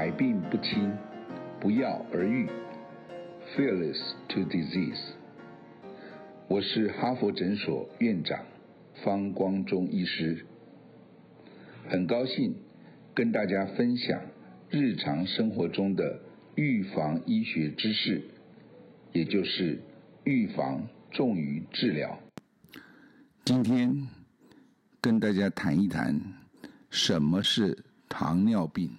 百病不侵，不藥而癒。Fearless to disease。我是哈佛診所院長方光宗醫師，很高興跟大家分享日常生活中的預防醫學知識，也就是預防重於治療。今天跟大家談一談什麼是糖尿病。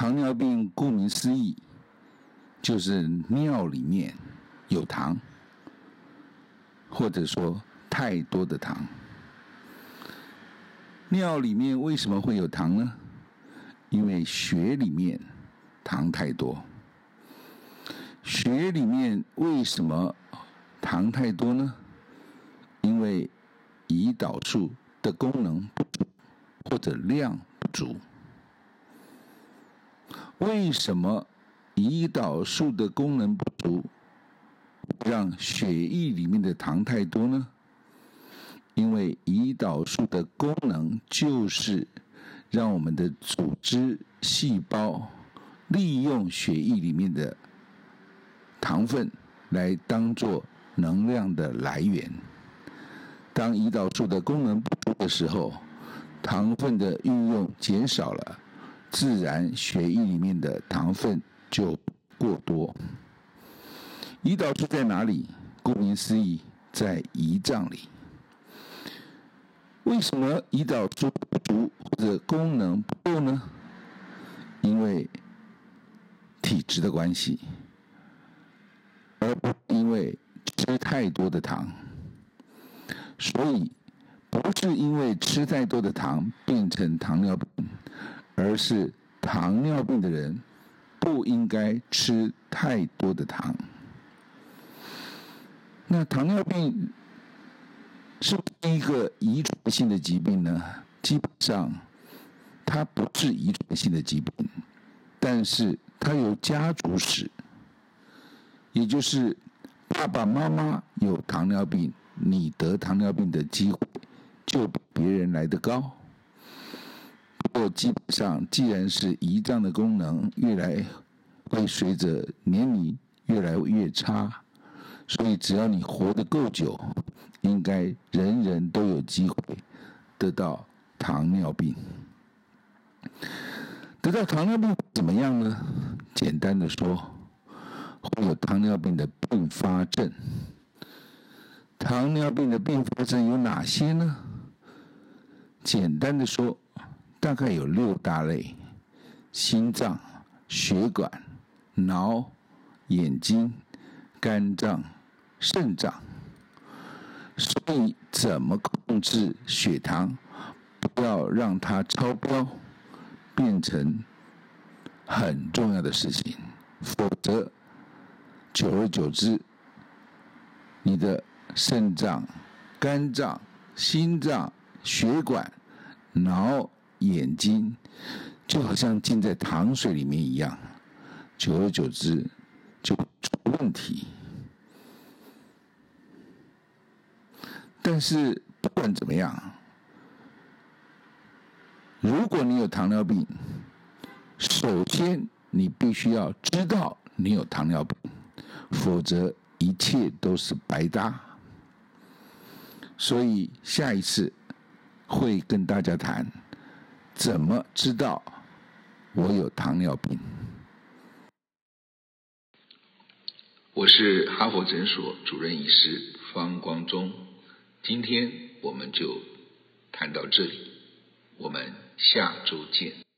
糖尿病顧名思義，就是尿裡面有糖，或者說太多的糖。尿裡面為什麼會有糖呢？因為血裡面糖太多。血裡面為什麼糖太多呢？因為胰島素的功能不足，或者量不足。為什麼胰島素的功能不足，讓血液裡面的糖太多呢？因為胰島素的功能就是讓我們的組織細胞利用血液裡面的糖分來當做能量的來源。當胰島素的功能不足的時候，糖分的運用減少了。自然血液裡面的糖分就過多，胰島素在哪裡？顧名思義，在胰臟裡。為什麼胰島素不足或者功能不夠呢？因為體質的關係，而不因為吃太多的糖。所以不是因為吃太多的糖變成糖尿病。而是糖尿病的人不應該吃太多的糖。那糖尿病是不是一個遺傳性的疾病呢？基本上，它不是遺傳性的疾病，但是它有家族史，也就是爸爸媽媽有糖尿病，你得糖尿病的機會就比別人來得高。或基本上，既然是胰臟的功能越來會隨着年齡越來越差，所以只要你活得夠久，應該人人都有機會得到糖尿病。得到糖尿病怎麼樣呢？簡單的說，會有糖尿病的併發症。糖尿病的併發症有哪些呢？簡單的說。大概有六大類：心臟、血管、腦、眼睛、肝臟、腎臟。所以，怎麼控制血糖，不要讓它超標，變成很重要的事情。否則，久而久之，你的腎臟、肝臟、心臟、血管、腦。眼睛，就好像浸在糖水裡面一樣，久而久之就出問題。但是不管怎麼樣，如果你有糖尿病，首先你必須要知道你有糖尿病，否則一切都是白搭。所以下一次會跟大家談。怎麼知道我有糖尿病？我是哈佛診所主任醫師方光宗。今天我們就談到這裡，我們下周見。